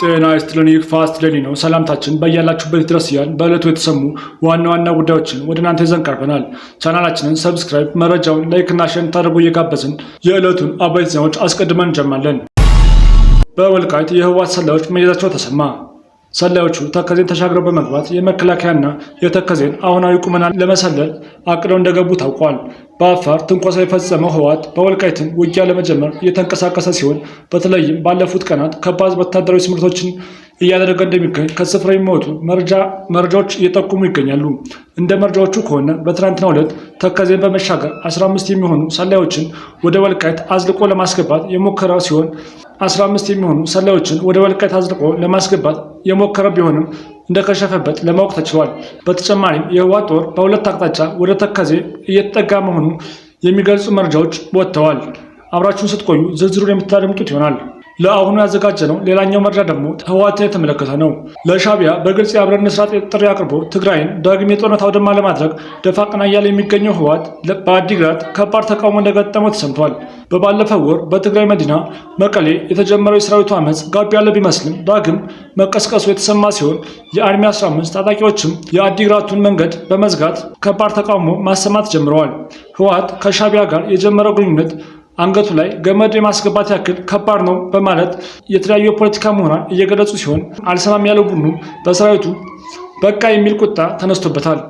ጤና ይስጥልን። ይህ ፋስት ዴይሊ ነው። ሰላምታችን በያላችሁበት ድረስ እያልን በዕለቱ የተሰሙ ዋና ዋና ጉዳዮችን ወደ እናንተ ይዘን ቀርበናል። ቻናላችንን ሰብስክራይብ፣ መረጃውን ላይክና ሼር ታደርጉ እየጋበዝን የዕለቱን አበይት ዜናዎች አስቀድመን እንጀምራለን። በወልቃይት የህወሓት ሰላዮች መያዛቸው ተሰማ። ሰላዮቹ ተከዜን ተሻግረው በመግባት የመከላከያና የተከዜን አሁናዊ ቁመና ለመሰለል አቅደው እንደገቡ ታውቋል። በአፋር ትንኮሳ የፈጸመው ህወሓት በወልቃይትም ውጊያ ለመጀመር እየተንቀሳቀሰ ሲሆን በተለይም ባለፉት ቀናት ከባድ ወታደራዊ ስምርቶችን እያደረገ እንደሚገኝ ከስፍራ የሚወጡ መረጃዎች እየጠቁሙ ይገኛሉ። እንደ መረጃዎቹ ከሆነ በትናንትናው ዕለት ተከዜን በመሻገር 15 የሚሆኑ ሰላዮችን ወደ ወልቃይት አዝልቆ ለማስገባት የሞከረ ሲሆን 15 የሚሆኑ ሰላዮችን ወደ ወልቃይት አዝልቆ ለማስገባት የሞከረ ቢሆንም እንደከሸፈበት ለማወቅ ተችሏል። በተጨማሪም የህወሓት ጦር በሁለት አቅጣጫ ወደ ተከዜ እየተጠጋ መሆኑ የሚገልጹ መረጃዎች ወጥተዋል። አብራችሁን ስትቆዩ ዝርዝሩን የምታደምጡት ይሆናል። ለአሁኑ ያዘጋጀ ነው። ሌላኛው መረጃ ደግሞ ህወሓትን የተመለከተ ነው። ለሻቢያ በግልጽ የአብረን እንስራ ጥሪ አቅርቦ ትግራይን ዳግም የጦርነት አውድማ ለማድረግ ደፋ ቀና እያለ የሚገኘው ህወሓት በአዲግራት ከባድ ተቃውሞ እንደገጠመው ተሰምቷል። በባለፈው ወር በትግራይ መዲና መቀሌ የተጀመረው የሰራዊቱ አመፅ ጋብ ያለ ቢመስልም ዳግም መቀስቀሱ የተሰማ ሲሆን የአርሚ 15 ታጣቂዎችም የአዲግራቱን መንገድ በመዝጋት ከባድ ተቃውሞ ማሰማት ጀምረዋል። ህወሓት ከሻቢያ ጋር የጀመረው ግንኙነት አንገቱ ላይ ገመድ የማስገባት ያክል ከባድ ነው በማለት የተለያዩ የፖለቲካ ምሁራን እየገለጹ ሲሆን አልሰማም ያለው ቡድኑ በሰራዊቱ በቃ የሚል ቁጣ ተነስቶበታል።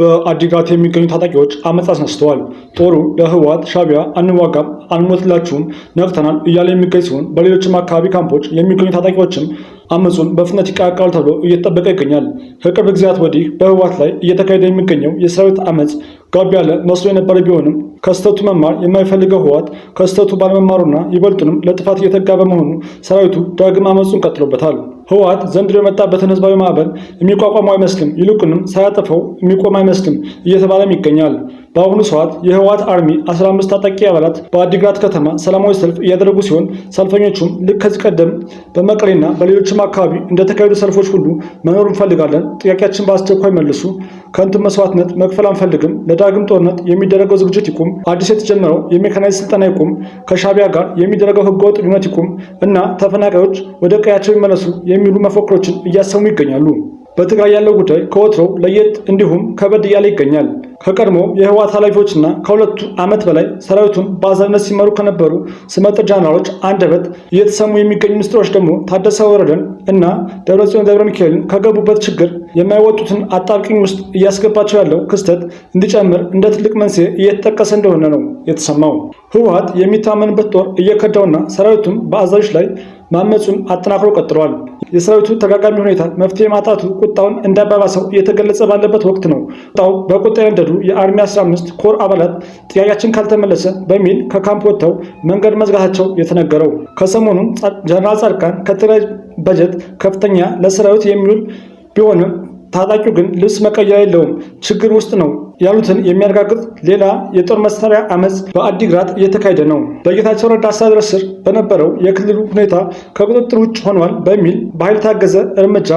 በአዲግራት የሚገኙ ታጣቂዎች አመፅ አስነስተዋል። ጦሩ ለህወሓት ሻቢያ አንዋጋም፣ አንሞትላችሁም፣ ነቅተናል እያለ የሚገኝ ሲሆን በሌሎችም አካባቢ ካምፖች የሚገኙ ታጣቂዎችም አመፁን በፍጥነት ይቀላቀላሉ ተብሎ እየተጠበቀ ይገኛል። ከቅርብ ጊዜያት ወዲህ በህወሓት ላይ እየተካሄደ የሚገኘው የሰራዊት አመፅ ጋብ ያለ መስሎ የነበረ ቢሆንም ከስተቱ መማር የማይፈልገው ህወሓት ከስተቱ ባለመማሩና ይበልጡንም ለጥፋት እየተጋ በመሆኑ ሰራዊቱ ዳግም አመፁን ቀጥሎበታል። ህወሓት ዘንድሮ የመጣበትን ህዝባዊ ማዕበል የሚቋቋመው አይመስልም፣ ይልቁንም ሳያጠፈው የሚቆም አይመስልም እየተባለም ይገኛል። በአሁኑ ሰዓት የህወሓት አርሚ 15 ታጣቂ አባላት በአዲግራት ከተማ ሰላማዊ ሰልፍ እያደረጉ ሲሆን ሰልፈኞቹም ልክ ከዚህ ቀደም በመቀሌና በሌሎችም አካባቢ እንደተካሄዱ ሰልፎች ሁሉ መኖር እንፈልጋለን፣ ጥያቄያችን በአስቸኳይ መልሱ፣ ከንቱ መስዋዕትነት መክፈል አንፈልግም፣ ለዳግም ጦርነት የሚደረገው ዝግጅት ይቁም፣ አዲስ የተጀመረው የሜካናይዝ ስልጠና ይቁም፣ ከሻቢያ ጋር የሚደረገው ህገወጥ ግንኙነት ይቁም እና ተፈናቃዮች ወደ ቀያቸው ይመለሱ የሚሉ መፈክሮችን እያሰሙ ይገኛሉ። በትግራይ ያለው ጉዳይ ከወትሮው ለየት እንዲሁም ከበድ እያለ ይገኛል። ከቀድሞ የህወሓት ኃላፊዎችና ከሁለቱ ዓመት በላይ ሰራዊቱን በአዛዥነት ሲመሩ ከነበሩ ስመጥር ጀነራሎች አንደበት እየተሰሙ የሚገኙ ምስጢሮች ደግሞ ታደሰ ወረደን እና ደብረጽዮን ገብረ ሚካኤልን ከገቡበት ችግር የማይወጡትን አጣብቂኝ ውስጥ እያስገባቸው ያለው ክስተት እንዲጨምር እንደ ትልቅ መንስኤ እየተጠቀሰ እንደሆነ ነው የተሰማው። ህወሓት የሚታመንበት ጦር እየከዳውና ሰራዊቱን በአዛዦች ላይ ማመፁን አጠናክሮ ቀጥሏል። የሰራዊቱ ተጋጋሚ ሁኔታ መፍትሄ ማጣቱ ቁጣውን እንዳባባሰው እየተገለጸ ባለበት ወቅት ነው ቁጣው በቁጣ የነደዱ የአርሚ 15 ኮር አባላት ጥያቄያችን ካልተመለሰ በሚል ከካምፕ ወጥተው መንገድ መዝጋታቸው የተነገረው። ከሰሞኑ ጀነራል ጻድቃን ከትግራይ በጀት ከፍተኛ ለሰራዊት የሚውል ቢሆንም ታጣቂው ግን ልብስ መቀየር የለውም፣ ችግር ውስጥ ነው ያሉትን የሚያረጋግጥ ሌላ የጦር መሳሪያ አመፅ በአዲግራት እየተካሄደ ነው። በጌታቸው ረዳ አስተዳደር ስር በነበረው የክልሉ ሁኔታ ከቁጥጥር ውጭ ሆኗል በሚል በኃይል የታገዘ እርምጃ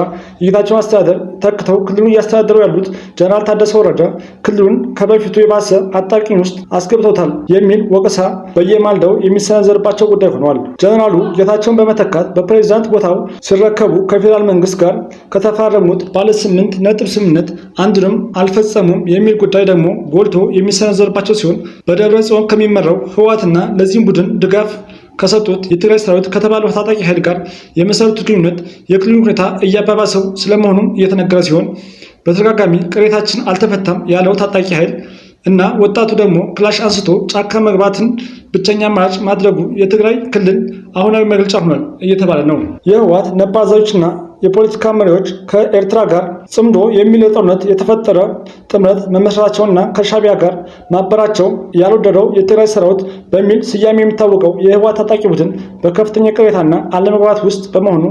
የጌታቸው አስተዳደር ተክተው ክልሉን እያስተዳደሩ ያሉት ጀነራል ታደሰ ወረደ ክልሉን ከበፊቱ የባሰ አጣቂኝ ውስጥ አስገብተውታል የሚል ወቀሳ በየማልዳው የሚሰነዘርባቸው ጉዳይ ሆኗል። ጀነራሉ ጌታቸውን በመተካት በፕሬዚዳንት ቦታው ሲረከቡ ከፌዴራል መንግስት ጋር ከተፋረሙት ባለ ስምንት ነጥብ ስምምነት አንዱንም አልፈጸሙም የሚል ጉዳይ ደግሞ ጎልቶ የሚሰነዘርባቸው ሲሆን በደብረ ጽዮን ከሚመራው ህወሓትና ለዚህም ቡድን ድጋፍ ከሰጡት የትግራይ ሰራዊት ከተባለው ታጣቂ ኃይል ጋር የመሰረቱ ግንኙነት የክልሉ ሁኔታ እያባባሰው ስለመሆኑም እየተነገረ ሲሆን በተደጋጋሚ ቅሬታችን አልተፈታም ያለው ታጣቂ ኃይል እና ወጣቱ ደግሞ ክላሽ አንስቶ ጫካ መግባትን ብቸኛ አማራጭ ማድረጉ የትግራይ ክልል አሁናዊ መግለጫ ሆኗል እየተባለ ነው። የህወሓት ነባ የፖለቲካ መሪዎች ከኤርትራ ጋር ጽምዶ የሚለው ጦርነት የተፈጠረ ጥምረት መመስረታቸውና ከሻቢያ ጋር ማበራቸው ያልወደደው የትግራይ ሰራዊት በሚል ስያሜ የሚታወቀው የህወሓት ታጣቂ ቡድን በከፍተኛ ቅሬታና አለመግባባት ውስጥ በመሆኑ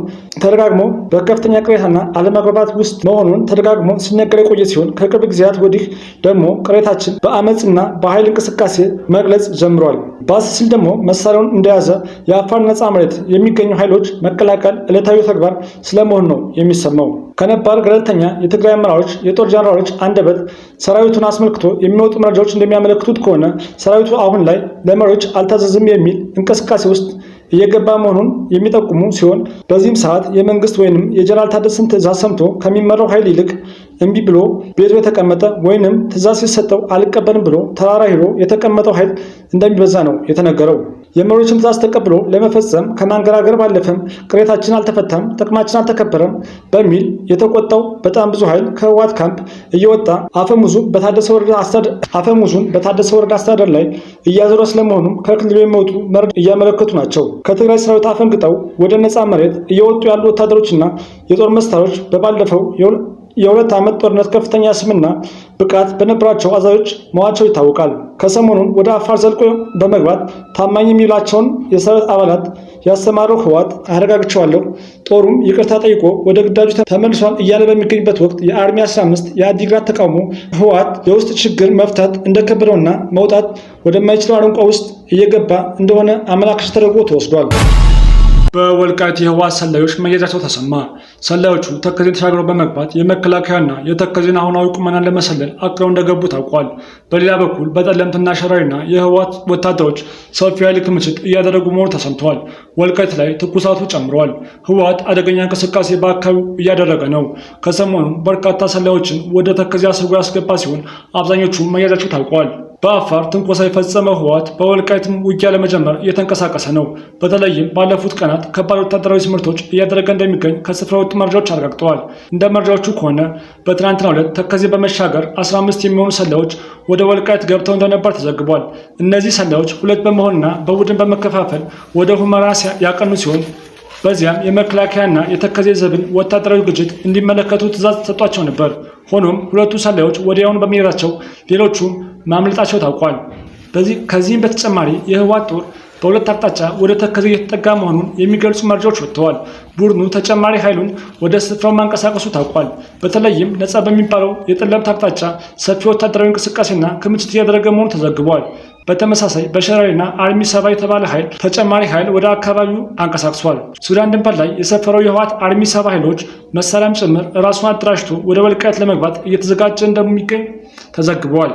ተደጋግሞ በከፍተኛ ቅሬታና አለመግባባት ውስጥ መሆኑን ተደጋግሞ ሲነገር የቆየ ሲሆን ከቅርብ ጊዜያት ወዲህ ደግሞ ቅሬታችን በአመፅና በኃይል እንቅስቃሴ መግለጽ ጀምሯል። ባስ ሲል ደግሞ መሳሪያውን እንደያዘ የአፋር ነፃ መሬት የሚገኙ ኃይሎች መቀላቀል ዕለታዊ ተግባር ስለመሆን ነው የሚሰማው። ከነባር ገለልተኛ የትግራይ አመራሮች የጦር ጀነራሎች አንደበት ሰራዊቱን አስመልክቶ የሚወጡ መረጃዎች እንደሚያመለክቱት ከሆነ ሰራዊቱ አሁን ላይ ለመሪዎች አልታዘዝም የሚል እንቅስቃሴ ውስጥ እየገባ መሆኑን የሚጠቁሙ ሲሆን በዚህም ሰዓት የመንግስት ወይንም የጀነራል ታደሰን ትእዛዝ ሰምቶ ከሚመራው ኃይል ይልቅ እምቢ ብሎ ቤቱ የተቀመጠ ወይንም ትዛዝ ሲሰጠው አልቀበልም ብሎ ተራራ ሄዶ የተቀመጠው ኃይል እንደሚበዛ ነው የተነገረው። የመሪዎችን ትዛዝ ተቀብሎ ለመፈጸም ከማንገራገር ባለፈም ቅሬታችን አልተፈታም፣ ጥቅማችን አልተከበረም በሚል የተቆጣው በጣም ብዙ ኃይል ከህወሓት ካምፕ እየወጣ አፈሙዙን በታደሰ ወረዳ አስተዳደር ላይ እያዞረ ስለመሆኑም ከክልሉ የሚወጡ መረድ እያመለከቱ ናቸው። ከትግራይ ሰራዊት አፈንግጠው ወደ ነፃ መሬት እየወጡ ያሉ ወታደሮችና የጦር መሳሪያዎች በባለፈው የሁለት ዓመት ጦርነት ከፍተኛ ስምና ብቃት በነበራቸው አዛዦች መዋቸው ይታወቃል። ከሰሞኑን ወደ አፋር ዘልቆ በመግባት ታማኝ የሚውላቸውን የሰራዊት አባላት ያሰማረው ህወሓት አረጋግቸዋለሁ፣ ጦሩም ይቅርታ ጠይቆ ወደ ግዳጁ ተመልሷል እያለ በሚገኝበት ወቅት የአርሚ 15 የአዲግራት ተቃውሞ ህወሓት የውስጥ ችግር መፍታት እንደከበደውና መውጣት ወደማይችለው አረንቋ ውስጥ እየገባ እንደሆነ አመላካች ተደርጎ ተወስዷል። በወልቃይት የህወሓት ሰላዮች መያዛቸው ተሰማ። ሰላዮቹ ተከዜን ተሻግረው በመግባት የመከላከያና የተከዜን አሁናዊ ቁመናን ለመሰለል አቅረው እንደገቡ ታውቋል። በሌላ በኩል በጠለምትና ሸራዊና የህወሓት ወታደሮች ሰፊ ኃይል ክምችት እያደረጉ መሆኑ ተሰምተዋል። ወልቃይት ላይ ትኩሳቱ ጨምሯል። ህወሓት አደገኛ እንቅስቃሴ በአካባቢው እያደረገ ነው። ከሰሞኑ በርካታ ሰላዮችን ወደ ተከዜ አስርጎ ያስገባ ሲሆን አብዛኞቹ መያዛቸው ታውቋል። በአፋር ትንኮሳ የፈጸመ ህወሓት በወልቃይትም ውጊያ ለመጀመር እየተንቀሳቀሰ ነው። በተለይም ባለፉት ቀናት ከባድ ወታደራዊ ትምህርቶች እያደረገ እንደሚገኝ ከስፍራ ወጥ መረጃዎች አረጋግጠዋል። እንደ መረጃዎቹ ከሆነ በትናንትና ዕለት ተከዜ በመሻገር 15 የሚሆኑ ሰላዮች ወደ ወልቃይት ገብተው እንደነበር ተዘግቧል። እነዚህ ሰላዮች ሁለት በመሆንና በቡድን በመከፋፈል ወደ ሁመራ ያቀኑ ሲሆን በዚያም የመከላከያና የተከዜ ዘብን ወታደራዊ ግጭት እንዲመለከቱ ትእዛዝ ተሰጧቸው ነበር። ሆኖም ሁለቱ ሰላዮች ወዲያውኑ በመሄዳቸው ሌሎቹም ማምለጣቸው ታውቋል። ከዚህም በተጨማሪ የህወሓት ጦር በሁለት አቅጣጫ ወደ ተከዜ እየተጠጋ መሆኑን የሚገልጹ መረጃዎች ወጥተዋል። ቡድኑ ተጨማሪ ኃይሉን ወደ ስፍራው ማንቀሳቀሱ ታውቋል። በተለይም ነጻ በሚባለው የጠለምት አቅጣጫ ሰፊ ወታደራዊ እንቅስቃሴና ክምችት እያደረገ መሆኑ ተዘግቧል። በተመሳሳይ በሸራሪና አርሚ ሰባ የተባለ ኃይል ተጨማሪ ኃይል ወደ አካባቢው አንቀሳቅሷል። ሱዳን ድንበር ላይ የሰፈረው የህወሓት አርሚ ሰባ ኃይሎች መሳሪያም ጭምር ራሱን አደራጅቶ ወደ ወልቃይት ለመግባት እየተዘጋጀ እንደሚገኝ ተዘግበዋል።